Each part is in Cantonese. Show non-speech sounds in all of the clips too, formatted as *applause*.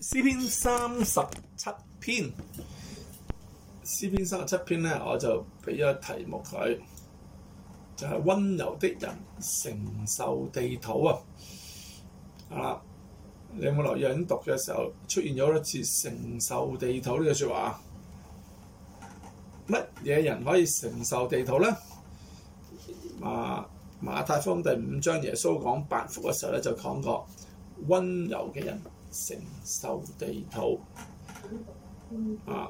詩篇三十七篇，詩篇三十七篇咧，我就俾咗題目佢，就係、是、溫柔的人承受地土啊。啊，你有冇留意？喺讀嘅時候出現咗一次承受地土呢個說話，乜嘢人可以承受地土咧？馬馬太福音第五章耶穌講八福嘅時候咧，就講過溫柔嘅人。承受地土啊！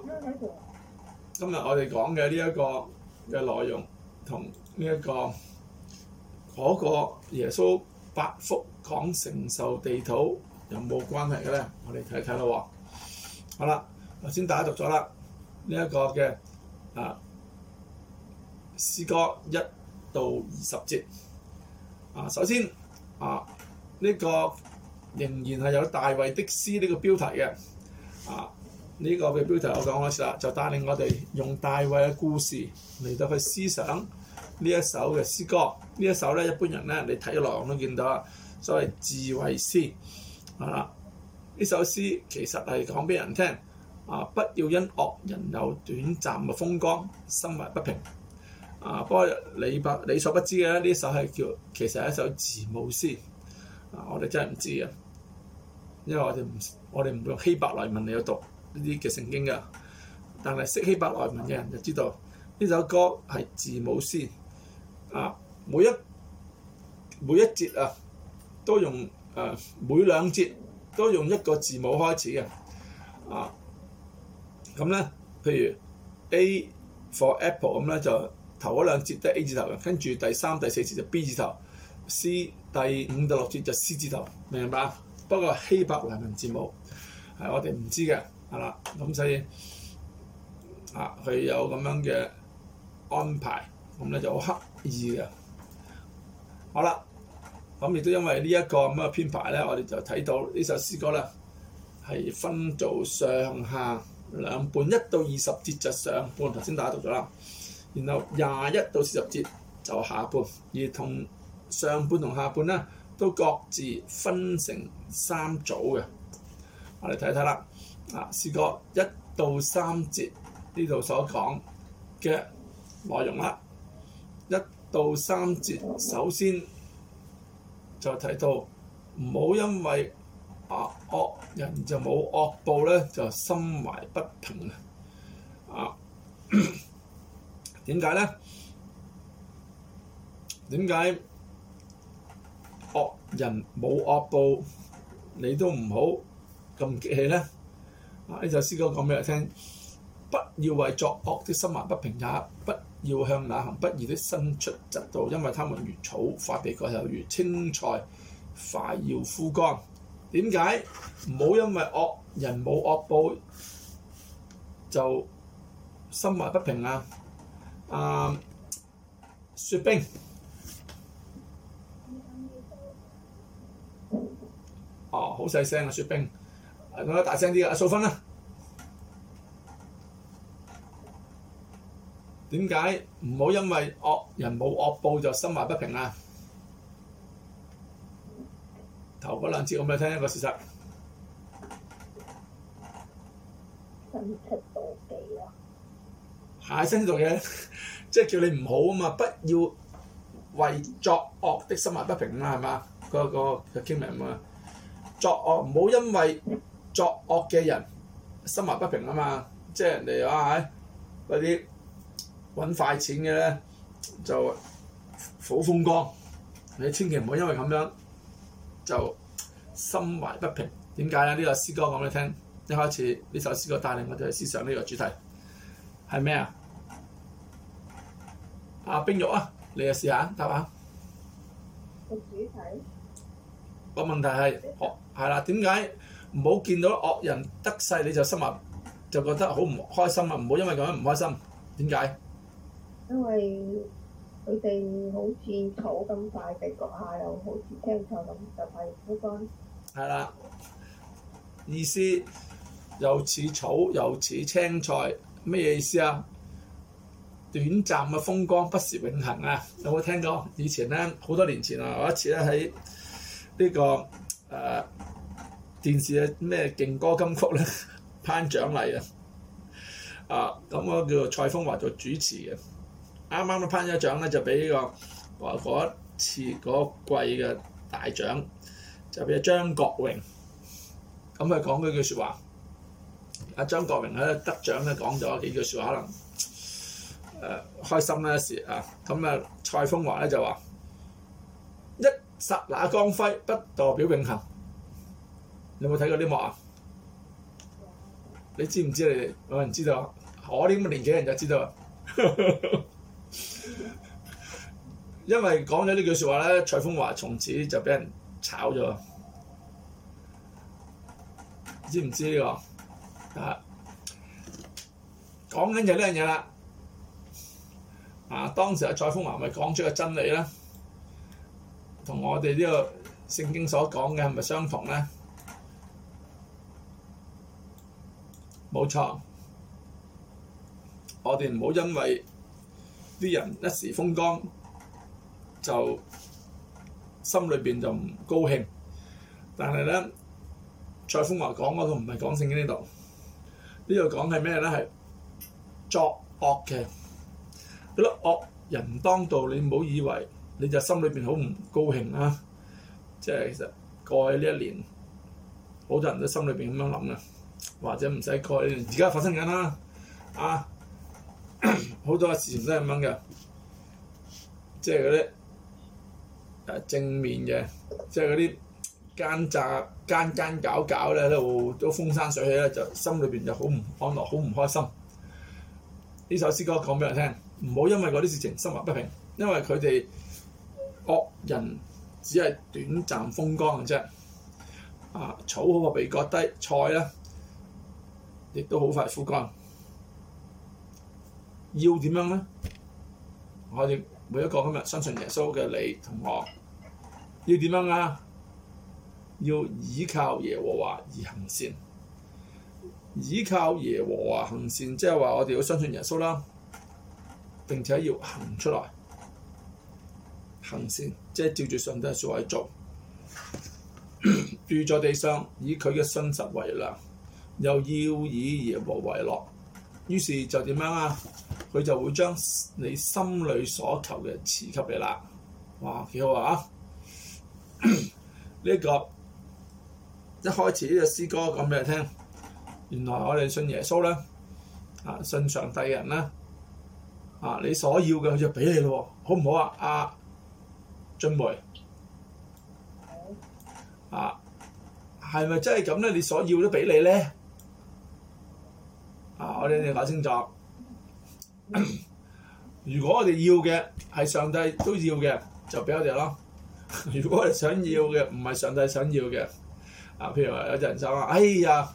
今日我哋講嘅呢一個嘅內容，同呢一個嗰個耶穌八福講承受地土有冇關係嘅咧？我哋睇睇咯。好啦，頭先大家讀咗啦，呢一個嘅啊詩歌一到二十節啊。首先啊，呢個仍然係有《大衛的詩》呢個標題嘅啊，呢、呢個嘅標題我講開啦就帶領我哋用大衛嘅故事嚟到去思想呢一首嘅詩歌。呢一首咧，一般人咧你睇落我都見到啦，所謂智慧詩啊。呢首詩其實係講俾人聽啊，不要因惡人有短暫嘅風光，心懷不平啊。不過你你所不知嘅呢首係叫其實係一首字母詩啊，我哋真係唔知啊。因為我哋唔，我哋唔會用希伯來文嚟去讀呢啲嘅聖經嘅，但係識希伯來文嘅人就知道呢首歌係字母詩啊，每一每一節啊，都用誒、啊、每兩節都用一個字母開始嘅啊，咁咧，譬如 A for apple 咁咧，就頭嗰兩節都係 A 字頭嘅，跟住第三、第四節就 B 字頭，C 第五第六節就 C 字頭，明白？不過希伯來文字母係我哋唔知嘅，係啦，咁所以啊，佢有咁樣嘅安排，咁咧就好刻意嘅。好啦，咁亦都因為呢一個咁嘅編排咧，我哋就睇到呢首詩歌咧係分做上下兩半，一到二十節就上半，頭先打讀咗啦，然後廿一到四十節就下半，而同上半同下半咧。都各自分成三組嘅，我哋睇睇啦。啊，試過一到三節呢度所講嘅內容啦。一到三節首先就睇到，唔好因為啊惡人就冇惡報咧，就心懷不平啊。點解咧？點 *coughs* 解？惡人冇惡報，你都唔好咁激氣咧。啊，呢首詩歌講俾你聽，不要為作惡的心懷不平也，不要向那行不義的生出嫉妒，因為他們如草快被割，又如青菜快要枯乾。點解？唔好因為惡人冇惡報就心懷不平啊。嗯，書平。哦，好細聲啊，雪冰，講得大聲啲啊，阿素芬啦。點解唔好因為惡人冇惡報就心懷不平啊？頭嗰兩節我俾你聽一個事實。下出做嘢，即係、就是、叫你唔好啊嘛！不要為作惡的心懷不平啊，係嘛？個個傾明啊！作惡唔好因為作惡嘅人心懷不平啊嘛，即係人哋啊係嗰啲揾快錢嘅咧，就好風光。你千祈唔好因為咁樣就心懷不平。點解咧？呢個詩歌講俾你聽，一開始呢首詩歌帶領我哋去思想呢個主題係咩啊？阿冰玉啊，你嚟試，試答下答下得？主體個主題個問題，好。係啦，點解唔好見到惡人得勢你就心諗就覺得好唔開心啊？唔好因為咁樣唔開心，點解？因為佢哋好似草咁快，地閣下又好似青菜咁，就係枯乾。係啦，意思又似草又似青菜，咩意思啊？短暫嘅風光不是永恆啊！有冇聽過？以前咧，好多年前啊，有一次咧喺呢個。誒、uh, 電視嘅咩勁歌金曲咧， *laughs* 頒獎禮啊！啊，咁我叫做蔡風華做主持嘅，啱啱咧頒咗獎咧，就俾呢、呢個話嗰次嗰季嘅大獎，就俾張國榮。咁佢講幾句説話。阿張國榮喺得獎咧，講咗幾句説話，可能誒、uh, 開心咧事啊！咁、uh, 啊，蔡風華咧就話一。剎那光輝不代表永恆，你有冇睇過呢幕知知啊？你知唔知你哋？有人知道、啊？我啲咁嘅年紀人就知道。 *laughs* 因為講咗呢句説話咧，蔡風華從此就俾人炒咗。知唔知呢、呢個？啊，講緊就呢樣嘢啦。啊，當時阿蔡風華咪講出個真理咧。同我哋呢個聖經所講嘅係咪相同咧？冇錯，我哋唔好因為啲人一時風光，就心裏邊就唔高興。但係咧，蔡風華講嗰個唔係講聖經呢度，呢度講係咩咧？係作惡嘅，嗰啲惡人當道，你唔好以為。你就心裏邊好唔高興啦、啊，即、就、係、是、其實過去呢一年好多人都心裏邊咁樣諗嘅，或者唔使過去。而家發生緊啦、啊，啊好多嘅事情都係咁嘅，即係嗰啲誒正面嘅，即係嗰啲奸詐奸奸搞搞咧，喺度都風生水起咧，就心裏邊就好唔安樂，好唔開心。呢首詩歌講俾人聽，唔好因為嗰啲事情心懷不平，因為佢哋。惡人只係短暫風乾啫，啊！草快被割低，菜咧亦都好快枯乾。要點樣咧？我哋每一個今日相信耶穌嘅你同我，要點樣啊？要倚靠耶和華而行善，倚靠耶和華行善，即係話我哋要相信耶穌啦，並且要行出來。行善，即係照住上帝嘅説話去做， *coughs* 住在地上以佢嘅信實為糧，又要以耶和為樂，於是就點樣啊？佢就會將你心裏所求嘅賜給你啦。哇，幾好啊！呢、 *coughs* 呢個一開始呢個詩歌講俾你聽，原來我哋信耶穌咧，啊，信上帝嘅人咧，啊你所要嘅佢就俾你咯，好唔好啊？啊！進步啊，係咪真係咁咧？你所要都俾你咧啊！我哋一定要搞清楚。如果我哋要嘅係上帝都要嘅，就俾我哋咯。如果我哋想要嘅唔係上帝想要嘅啊，譬如話有隻人就話：哎呀，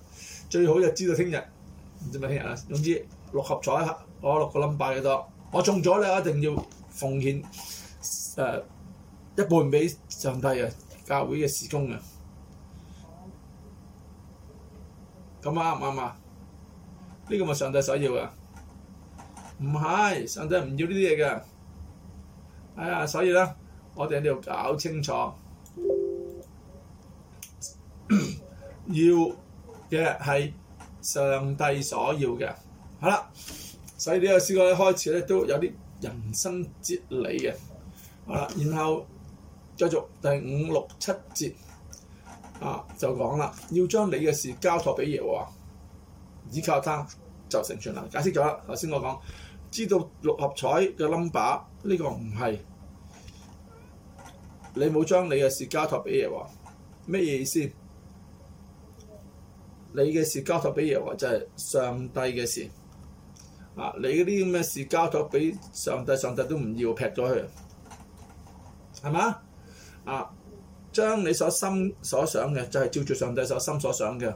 最好就知道聽日唔知乜聽日啦。總之六合彩，我六個冧巴幾多？我中咗咧，一定要奉獻誒。呃一半俾上帝啊，教會嘅事工啊，咁啱唔啱啊？呢個咪上帝所要嘅，唔係上帝唔要呢啲嘢嘅。哎呀，所以咧，我哋一定要搞清楚，要嘅係上帝所要嘅。好啦，所以呢個詩歌一開始咧都有啲人生哲理嘅，好啦，然後。繼續第五六七節啊，就講啦，要將你嘅事交託俾耶和華，依靠他就成全啦。解釋咗啦，頭先我講知道六合彩嘅 number 呢個唔係你冇將你嘅事交託俾耶和華，咩意思？你嘅事交託俾耶和華就係上帝嘅事啊！你嗰啲咁嘅事交託俾上帝，上帝都唔要劈咗佢，係嘛？啊！將你所心所想嘅，就係照住上帝所心所想嘅，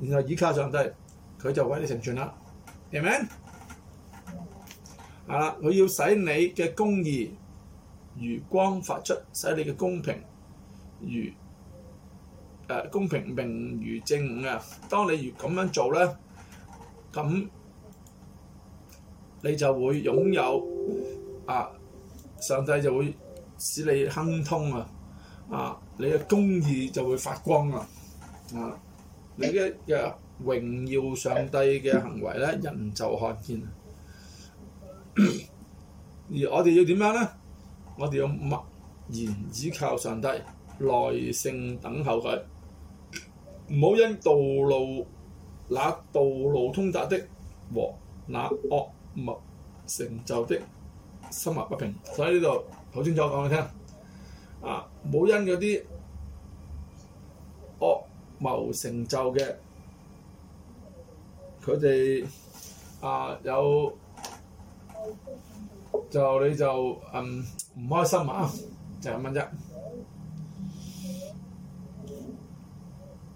然後依靠上帝，佢就為你成全啦，明唔明？係啦，佢要使你嘅公義如光發出，使你嘅公平如誒公平明如正啊！當你如咁樣做咧，咁你就會擁有啊！上帝就會。使你亨通啊！啊，你嘅公義就會發光啊！啊，你嘅嘅榮耀上帝嘅行為咧，人就看見。 *coughs* 而我哋要點樣咧？我哋要默然倚靠上帝，耐性等候佢，唔好因道路那道路通達的和那惡謀成就的心懷不平。所以呢度。好清楚，講你聽啊！冇因嗰啲惡謀成就嘅佢哋啊，有就你就嗯唔開心啊，就係咁樣啫。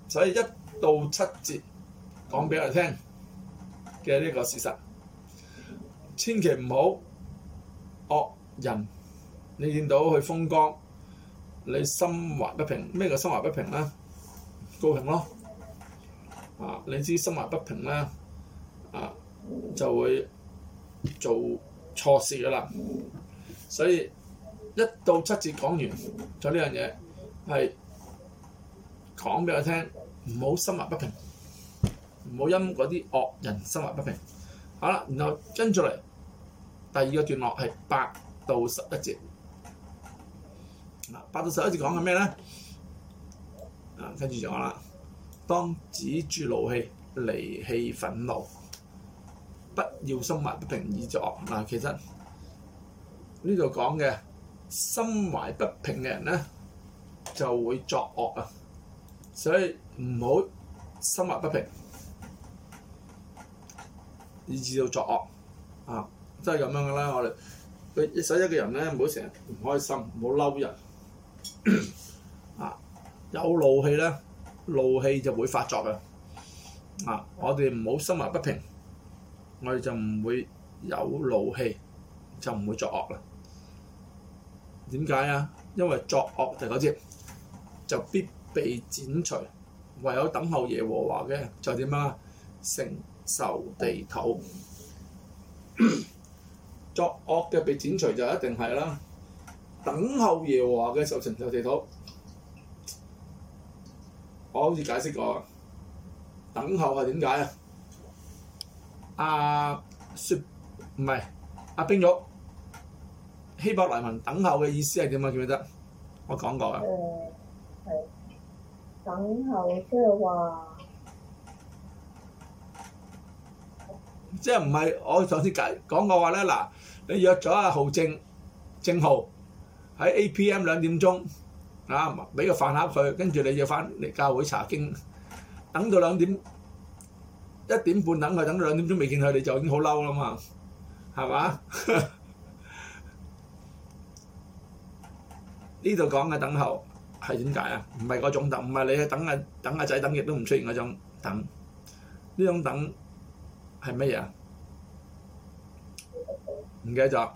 所以一到七節講俾我哋聽嘅呢個事實，千祈唔好惡人。你見到佢風光，你心懷不平。咩叫心懷不平咧？高興咯，啊！你知心懷不平咧，啊，就會做錯事噶啦。所以一到七節講完，就呢樣嘢係講俾我聽，唔好心懷不平，唔好因嗰啲惡人心懷不平。好啦，然後跟住嚟第二個段落係八到十一節。嗱，八到十一節講緊咩咧？嗯、啊，跟住就講啦。當止住怒氣，離棄憤怒，不要心懷不平而作惡。嗱、啊，其實呢度講嘅心懷不平嘅人咧，就會作惡啊。所以唔好心懷不平，以至到作惡啊，真係咁樣噶啦。我哋所以一個人咧，唔好成日唔開心，唔好嬲人。 *coughs* 啊，有怒氣咧，怒氣就會發作嘅。啊，我哋唔好心懷不平，我哋就唔會有怒氣，就唔會作惡啦。點解啊？因為作惡，第九節就必被剪除，唯有等候耶和華嘅就點啊？承受地土。 *coughs* 作惡嘅被剪除就一定係啦。等候耶和華嘅必承受地土，我好似解釋過等候係點解啊？阿雪唔係阿冰玉，希伯來文等候嘅意思係點啊？記唔記得？我講過啊。誒係等候，即係話即係唔係我頭先講講嘅話咧。嗱，你約咗阿浩正正浩。喺 APM 兩點鐘，啊，俾個飯盒佢，跟住你就翻嚟教會查經，等到兩點一點半等佢，等到兩點鐘未見佢，你就已經好嬲啦嘛，係嘛？呢度講嘅等候係點解啊？唔係嗰種等，唔係你去等啊等啊仔等極都唔出現嗰種等，呢種等係乜嘢啊？唔記得咗。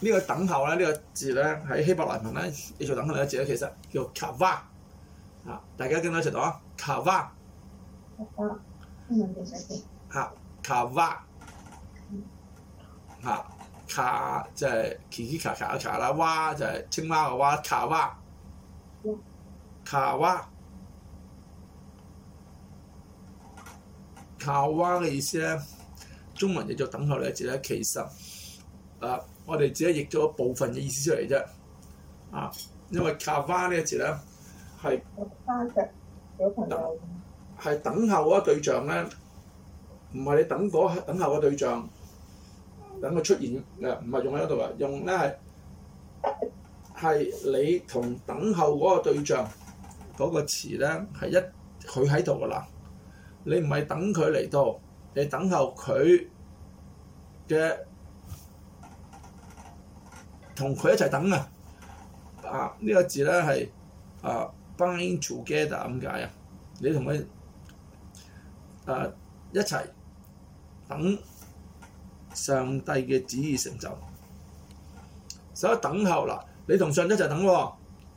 呢個等候咧，呢、呢個字咧喺希伯來文咧叫做等候嘅字咧，其實叫卡哇、啊啊就是。啊！大家跟得一齊讀啊！卡哇卡，哇，就係奇奇咔咔咔啦。哇，就係青蛙嘅蛙卡哇，卡哇。卡哇嘅意思咧，中文亦做等候嘅字咧，其實啊～我哋只係譯咗部分嘅意思出嚟啫，啊，因為卡花呢個詞咧係花嘅朋友，係等候嗰個對象咧，唔係你等嗰等候嘅對象等佢出現嘅，唔係用喺度嘅，用咧係係你同等候嗰個對象嗰個詞咧係一佢喺度嘅啦，你唔係等佢嚟到，你等候佢嘅。同佢一齊等啊！啊呢、這個字咧係啊，bind together 咁解啊！Together, 你同佢啊一齊等上帝嘅旨意成就，所以等候啦，你同上帝一齊等、啊，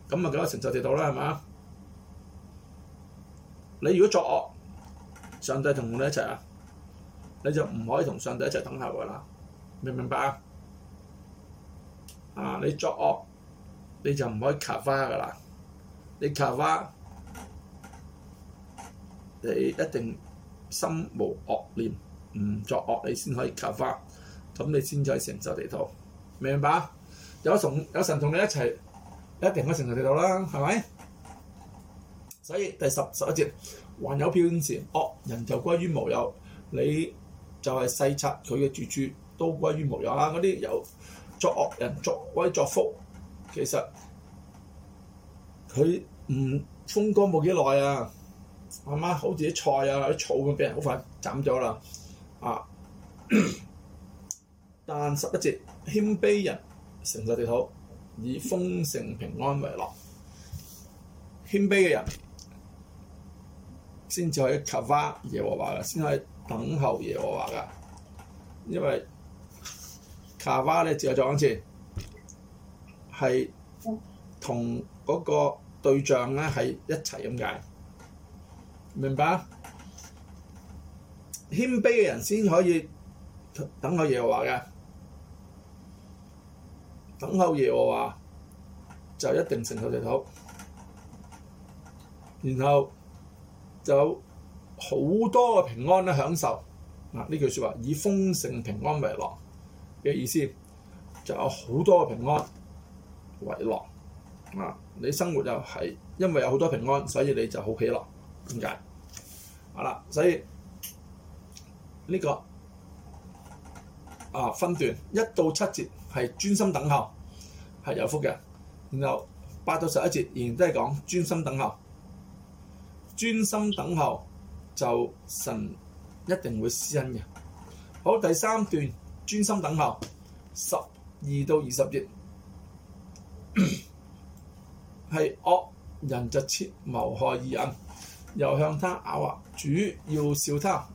咁啊梗係成就得到啦，係嘛？你如果作惡，上帝同你一齊啊，你就唔可以同上帝一齊等候噶、啊、啦，明唔明白啊？啊！你作惡，你就唔可以卡花噶啦。你卡花，你一定心無惡念，唔作惡，你先可以卡花。咁你先至可以承受地土，明唔明白？有同有神同你一齊，一定可以承受地土啦，係咪？所以第十十一節，還有片時，惡人就歸於無有，你就係細察佢嘅住處，都歸於無有啊！嗰啲有。作惡人作威作福，其實佢唔風光冇幾耐啊，慢慢好似啲菜啊、啲草咁，俾人好快斬咗啦。啊！但十一節謙卑人承受地土，以豐盛平安為樂。謙卑嘅人先至可以及花耶和華嘅，先可以等候耶和華嘅，因為。茶花咧，再做一次，係同嗰個對象咧，喺一齊咁解，明白？謙卑嘅人先可以等候耶和華嘅，等候耶和華就一定承受地土，然後就好多嘅平安咧享受。啊！呢句説話，以豐盛平安為樂。嘅意思就有好多嘅平安為樂啊！你生活就係因為有好多平安，所以你就好喜樂。點解？好、啊、啦，所以呢、這個啊分段一到七節係專心等候，係有福嘅。然後八到十一節仍然都係講專心等候，專心等候就神一定會施恩嘅。好，第三段。專心等候十二到二十節，係惡 *coughs* 人就設謀害義人，又向他咬牙，主要笑他，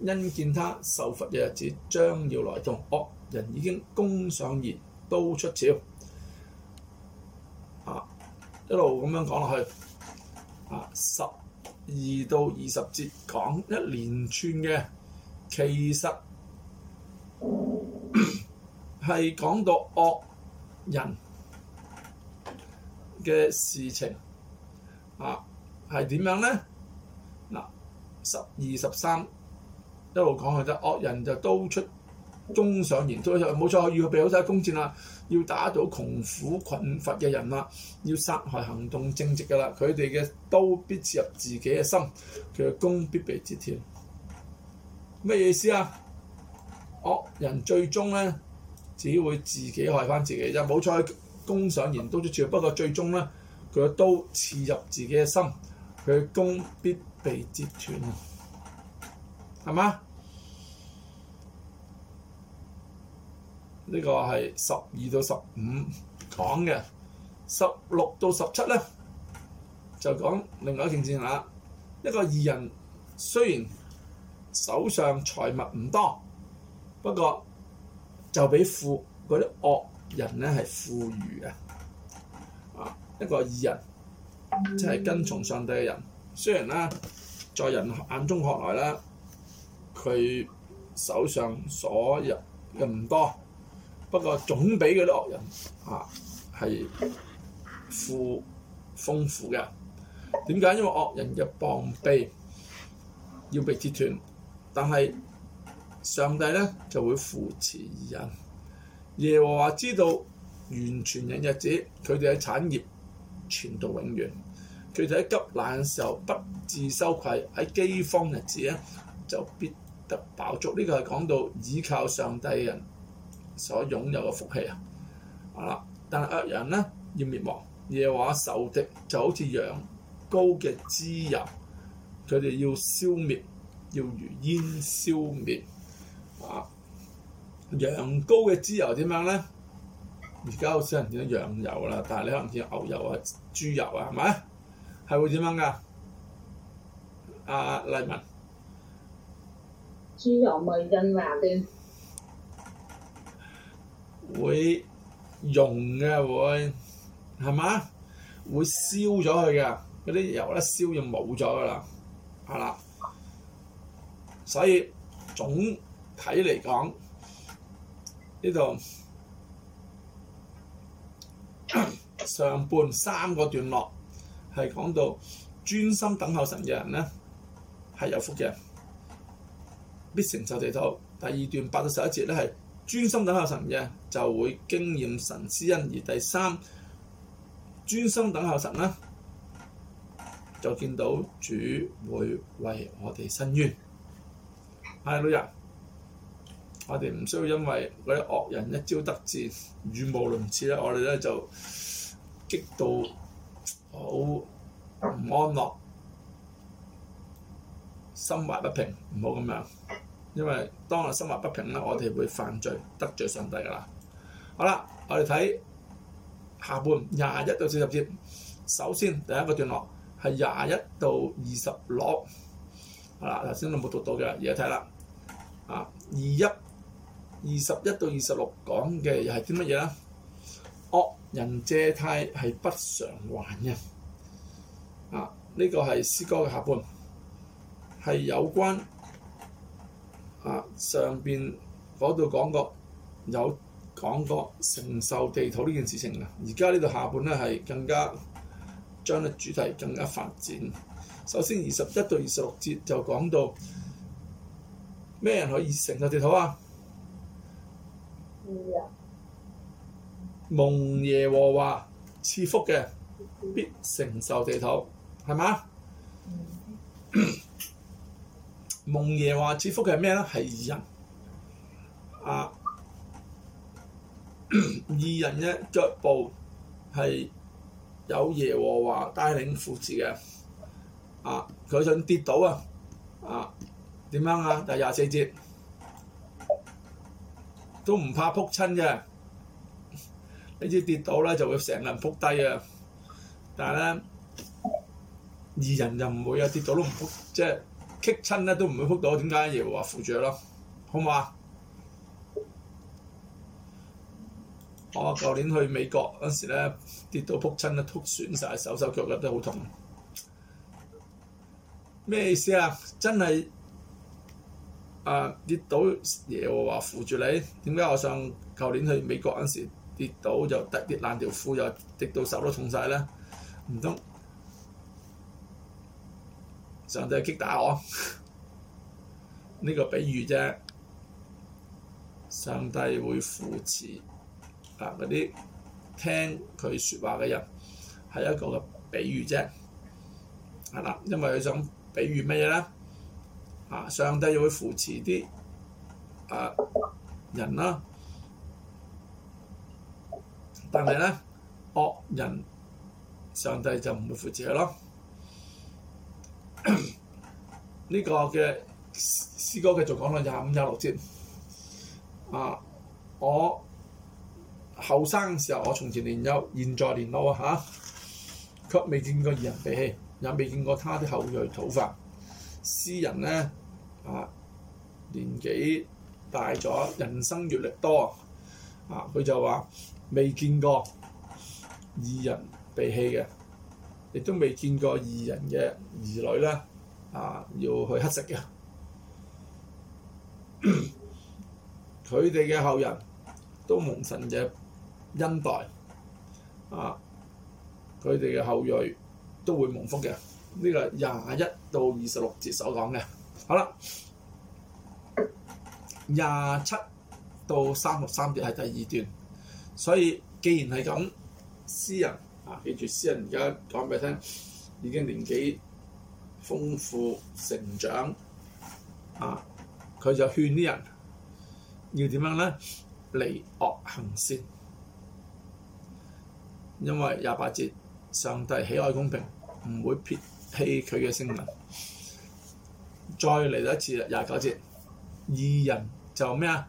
因見他受罰嘅日子將要來到，惡人已經攻上而刀出鞘啊！一路咁樣講落去啊，十二到二十節講一連串嘅，其實。係講到惡人嘅事情啊，係點樣咧？嗱、啊，十二十三一路講佢就惡人就刀出中上言，冇錯，要備好晒弓箭啦，要打倒窮苦困乏嘅人啦，要殺害行動正直嘅啦。佢哋嘅刀必刺入自己嘅心，嘅弓必被折斷。咩意思啊？惡人最終咧～只會自己害翻自己，就冇錯。弓上弦都都住，不過最終咧，佢刀刺入自己嘅心，佢弓必被截斷啊，係嘛？這個、的呢個係十二到十五講嘅，十六到十七咧就講另外一件事啦。一、這個義人雖然手上財物唔多，不過就俾富嗰啲惡人咧，係富裕嘅。啊一個義人即係、就是、跟從上帝嘅人，雖然咧、啊、在人眼中看來咧，佢手上所有嘅唔多，不過總比嗰啲惡人啊係富豐富嘅。點解？因為惡人嘅膀臂要被折斷，但係。上帝咧就會扶持人。耶和華知道，完全人日子佢哋嘅產業存到永遠。佢哋喺急難嘅時候不自羞愧，喺饑荒日子咧就必得飽足。呢、這個係講到倚靠上帝人所擁有嘅福氣啊！好啦，但係惡人咧要滅亡。耶和華仇敵就好似羊羔嘅脂油，佢哋要消滅，要如煙消滅。啊！羊羔嘅脂油點樣咧？而家好少人見到羊油啦，但係你可能見牛油啊、豬油啊，係咪？係會點樣㗎？阿、啊、黎文，豬油咪潤滑嘅，會溶嘅會係嘛？會燒咗佢㗎，嗰啲油一燒就冇咗㗎啦，係啦，所以總。睇嚟講，呢度上半三個段落係講到專心等候神嘅人咧係有福嘅，必承受地土。第二段八到十一節咧係專心等候神嘅就會經驗神施恩，而第三專心等候神咧就見到主會為我哋伸冤。係老日。我哋唔需要因為嗰啲惡人一朝得志語無倫次咧，我哋咧就激到好唔安樂，心懷不平，唔好咁樣。因為當我心懷不平咧，我哋會犯罪得罪上帝噶啦。好啦，我哋睇下半廿一到四十節。首先第一個段落係廿一到二十六，係啦，頭先都冇讀到嘅，而家睇啦。啊，二一。二十一到二十六講嘅又係啲乜嘢咧？惡人借貸係不償還嘅。啊，呢、這個係詩歌嘅下半，係有關啊上邊嗰度講過有講過承受地土呢件事情嘅。而家呢度下半咧係更加將個主題更加發展。首先，二十一到二十六節就講到咩人可以承受地土啊？二人，蒙耶和華賜福嘅，必承受地土，係嘛、嗯？ *coughs* 蒙耶和華賜福嘅係咩咧？係二人，啊，二人嘅腳步係有耶和華帶領扶持嘅，啊，佢想跌倒啊，啊，點樣啊？第廿四節。都唔怕撲親嘅，呢啲跌倒咧就會成個人撲低啊！但係咧二人又唔會一跌倒都唔撲，即係棘親咧都唔會撲到，點解要話扶住咯？好唔好啊？我舊年去美國嗰時咧跌到撲親咧，撲損晒手手腳腳，都好痛，咩意思啊？真係～啊！跌倒嘢我話扶住你？點解我上舊年去美國嗰陣時跌倒就跌爛條褲，又跌到手都痛晒咧？唔通上帝擊打我？呢 *laughs* 個比喻啫，上帝會扶持啊嗰啲聽佢説話嘅人，係一個嘅比喻啫，係、啊、啦，因為佢想比喻乜嘢咧？啊！上帝又會扶持啲啊人啦，但係咧惡人，上帝就唔會扶持佢咯。呢個嘅詩歌繼續講到廿五、廿六節。啊！我後生嘅時候，我從前年幼，現在年老啊，嚇，卻未見過義人被棄，也未見過他的後裔討飯。詩人咧，啊，年紀大咗，人生閲歷多，啊，佢就話未見過義人被棄嘅，亦都未見過義人嘅兒女咧，啊，要去乞食嘅。佢哋嘅後人都蒙神嘅恩待，啊，佢哋嘅後裔都會蒙福嘅。呢個係廿一到二十六節所講嘅，好啦，廿七到三十三節係第二段。所以既然係咁，詩人啊，記住詩人而家講俾你聽，已經年紀豐富成長啊，佢就勸啲人要點樣咧？離惡行善，因為廿八節「上帝喜愛公平，唔會撇」。棄佢嘅聲文。再嚟多一次啦，廿九節，二人就咩啊？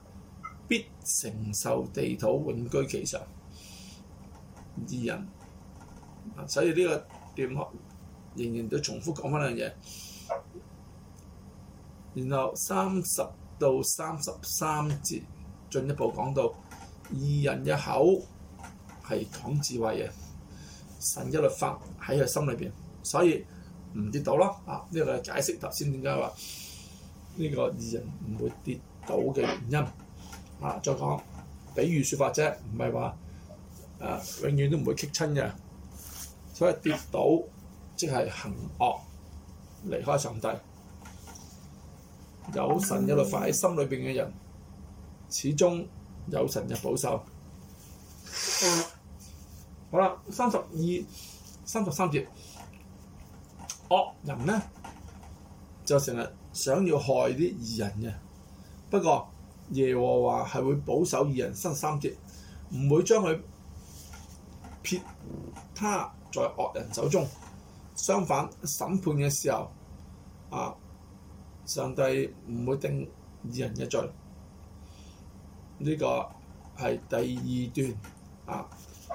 必承受地土，永居其上。二人。所以呢個段仍然都重複講翻兩樣嘢。然後三十到三十三節進一步講到，二人一口係講智慧嘅，神一律法喺佢心裏邊，所以。唔跌倒咯，啊呢個解釋頭先點解話呢個二人唔會跌倒嘅原因，啊再講比喻說法啫，唔係話啊永遠都唔會棘親嘅，所以跌倒即係行惡，離開上帝，有神嘅律法喺心裏邊嘅人，始終有神嘅保守。嗯、好啦，三十二、三十三節。惡噢人咧就成日想要害啲義人嘅。不過耶和華係會保守義人生三節，唔會將佢撇他在惡人手中。相反，審判嘅時候，啊，上帝唔會定義人嘅罪。呢、這個係第二段啊，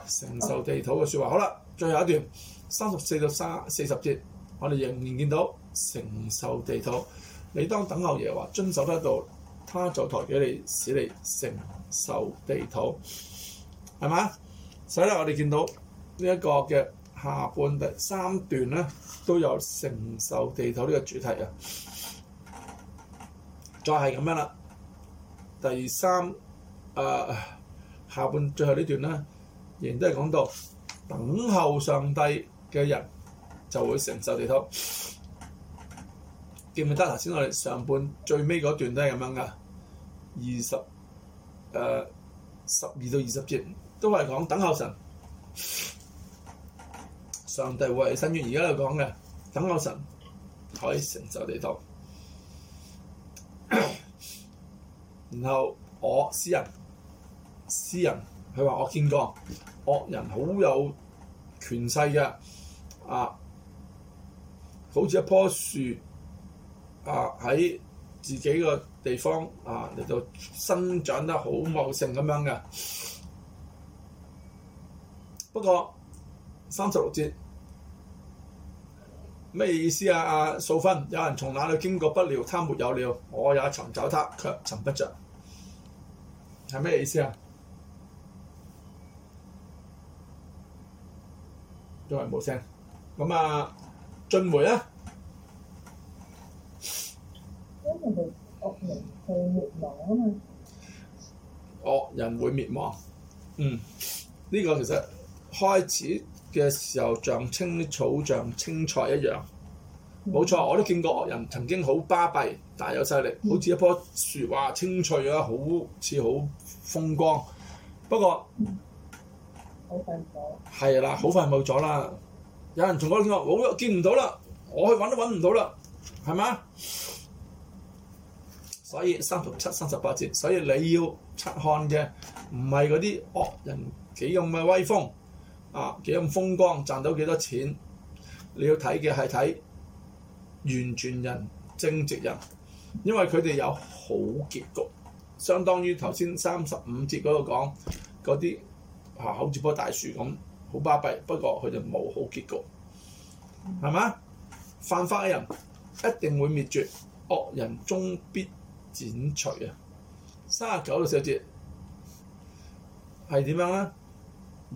承受地土嘅説話。好啦，最後一段三十四到四十節。我哋仍然見到承受地土。你當等候耶和遵守得到，他就抬舉你，使你承受地土，係嘛？所以咧，我哋見到呢一個嘅下半第三段咧，都有承受地土呢個主題啊。再係咁樣啦，第三誒下半最後呢段咧，仍然都係講到等候上帝嘅人。就會承受地土，記唔記得頭先我哋上半最尾嗰段都係咁樣噶，二十誒十二到二十節都係講等候神，上帝會係新約而家度講嘅等候神可以承受地土。 *coughs* 然後我詩人詩人，佢話我見過惡人好有權勢嘅啊！好似一棵樹，啊喺自己個地方啊嚟到生長得好茂盛咁樣嘅。不過三十六節咩意思啊？啊，數分，有人從那裏經過？不料，他沒有了，我也尋找他，卻尋不着。係咩意思啊？都係冇聲。咁啊～進回啦、啊，惡人會滅亡啊嘛，惡人會滅亡，嗯，呢個其實開始嘅時候像青草、像青菜一樣，冇錯，我都見過惡人曾經好巴閉，但係有勢力，好似一棵樹，哇，青翠啊，好似好風光，不過好快冇，係啦，好快冇咗啦。嗯有人仲講見我冇見唔到啦，我去揾都揾唔到啦，係嘛？所以三十七三十八節，所以你要測看嘅唔係嗰啲惡人幾咁嘅威風，啊幾咁風光，賺到幾多錢？你要睇嘅係睇完全人正直人，因為佢哋有好結局，相當於頭先三十五節嗰度講嗰啲嚇，好似棵大樹咁。好巴閉，不過佢就冇好結局，係嘛？犯法嘅人一定會滅絕，惡人終必剪除啊！三十九度小節係點樣啊？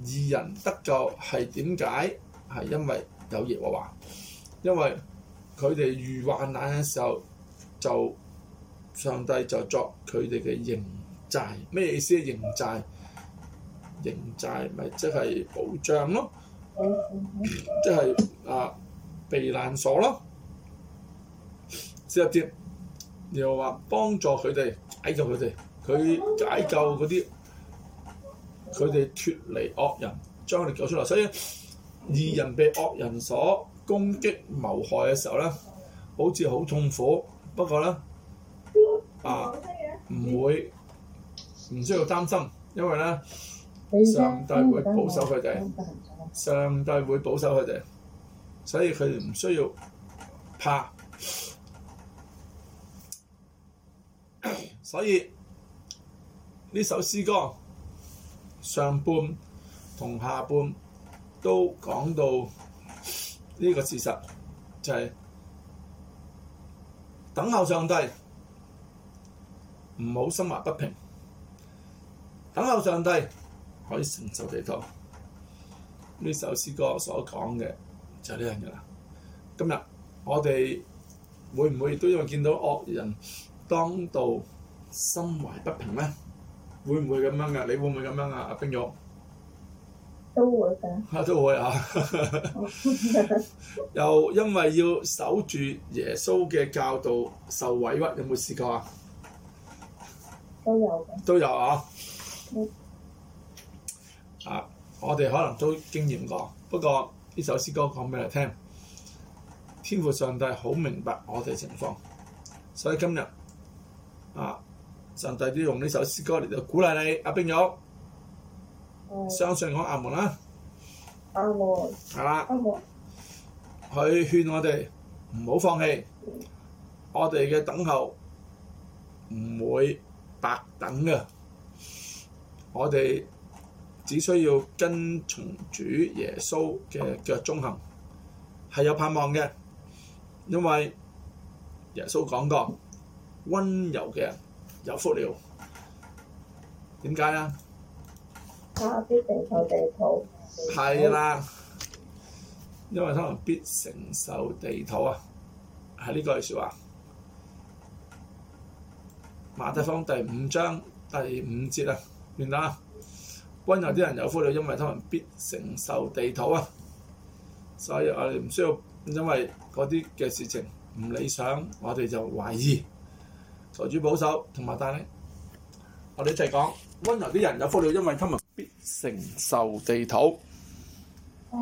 二人得救係點解？係因為有耶和華，因為佢哋遇患難嘅時候，就上帝就作佢哋嘅營寨，咩意思啊？營寨。營寨咪即係保障咯，即係啊避難所咯，四十節又話幫助佢哋，解救佢哋，佢解救嗰啲佢哋脫離惡人，將佢哋救出嚟。所以二人被惡人所攻擊、謀害嘅時候咧，好似好痛苦。不過咧啊，唔會唔需要擔心，因為咧。上帝會保守佢哋，上帝會保守佢哋，所以佢哋唔需要怕。所以呢首詩歌上半同下半都講到呢個事實，就係等候上帝，唔好心懷不平，等候上帝。可以承受幾多。呢首詩歌所講嘅就係呢樣嘢啦。今日我哋會唔會都因為見到惡人當道心懷不平咧？會唔會咁樣噶、啊？你會唔會咁樣啊？阿冰玉都會嘅。都會嚇、啊。 *laughs* 又因為要守住耶穌嘅教導，受委屈有冇試過啊？都有嘅。都有啊。嗯我哋可能都經驗過，不過呢首詩歌講俾你聽，天父上帝好明白我哋情況，所以今日啊，上帝都用呢首詩歌嚟到鼓勵你，阿、啊、冰玉，啊、相信我阿門啦，阿門，係啦，阿門，佢勸我哋唔好放棄，我哋嘅等候唔會白等嘅，我哋。只需要跟從主耶穌嘅腳蹤行，係有盼望嘅，因為耶穌講過：温柔嘅人有福了。點解啊？必承受地土。係啦，因為可能必承受地土啊，係呢句説話。馬太福音第五章第五節啊，唻。溫柔啲人有福了，因為他們必承受地土啊！所以我哋唔需要因為嗰啲嘅事情唔理想，我哋就懷疑財主保守同埋但係，我哋一齊講，溫柔啲人有福了，因為他們必承受地土。哎